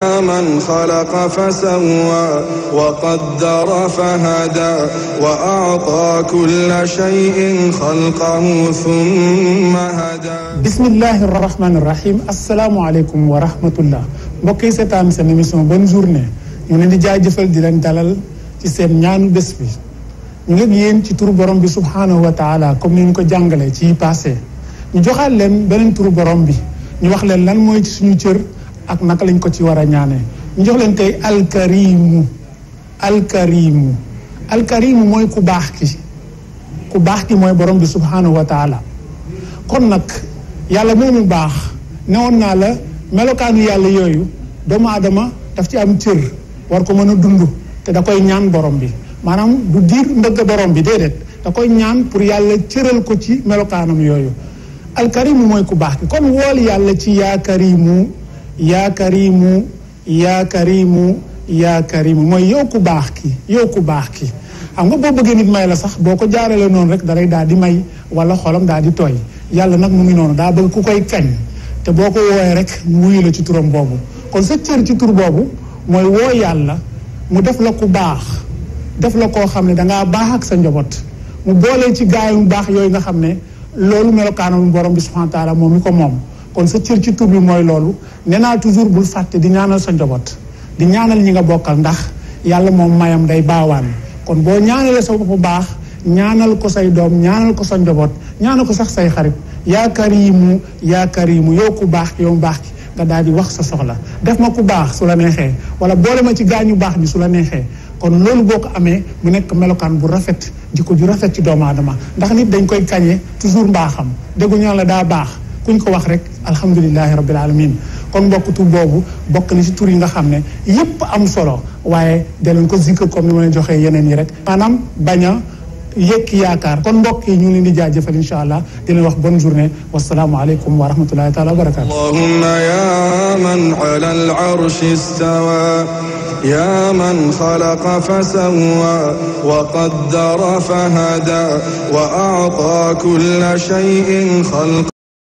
من خلق فسوى وقدر فهدى وأعطى كل شيء خلقه ثم هدى بسم الله الرحمن الرحيم السلام عليكم ورحمة الله بكي ستام سنميسون بنزورنا يوني جاجفل دلان تلال تسين نيان بسفي ngeen yeen ci turu borom bi subhanahu wa ta'ala comme niñ ko jangale ci passé ñu joxal leen benen turu borom bi ñu ak naka lañ ko ci war a ñaanee ñu jox leen tey alkarimu alkarimu alkarimu mooy ku baax ki ku baax ki mooy borom bi subhanahu wa taala kon nag yàlla moomu baax newoon naa la melokaanu yàlla yooyu doomu aadama daf ci am cër war ko mën a dund te da koy ñaan borom bi maanaam du diir ndëgg borom bi déedéet da koy ñaan pour yàlla cëral ko ci melokaanam yooyu alkarimu mooy ku baax ki kon wool yàlla ci yaa yaa karimu yaa karimu yaa karimu mooy yow ku baax ki yow ku baax ki xam nga boo bëggee nit may la sax boo ko jaarale noonu rek dalay daal di may wala xolom daal di tooy yàlla nag mu ngi noonu daa bëgg ku koy kañ te boo ko woowee rek mu wuyu la ci turam boobu kon sa cër ci tur boobu mooy woo yàlla mu def la ku baax def la koo xam ne dangaa baax ak sa njaboot mu boolee ci gaay yu baax yooyu nga xam ne loolu melokaanam borom bi subhanahu wa moom mi ko moom kon sa cër ci tur bi mooy loolu nee naa toujours bul fàtte di ñaanal sa njaboot di ñaanal ñi nga bokkal ndax yàlla moom mayam day baawaan kon boo ñaanalee sa bopp baax ñaanal ko say doom ñaanal ko sa njaboot ñaanal ko sax say xarit yaakaar mu yaakaar yaa mu yow ku baax yow mu baax ki nga daal di wax sa soxla def ma ku baax su la neexee wala boole ma ci gaa gaañu baax bi su la neexee kon loolu boo ko amee mu nekk melokaan bu rafet jikko ju rafet ci doomu aadama ndax nit dañ koy kañe toujours mbaaxam déggu ñoo la daa baax kuñ ko wax rek alhamdulilahi rabbil alamin kon mbokk tur boobu bokk na ci tour yi nga xamne yépp am solo waye de lañ ko zikk comme ni ma leen joxe yenen yi rek manam baña yek yaakar kon mbokk yi ñu leen di jaajëfal incha allah di leen wax bonne journée wasalaamu alaykum wa rahmatullahi taala wa barakatuh allahumma ya man ala al arshi istawa يا من خلق فسوى وقدر فهدى وأعطى كل شيء خلقا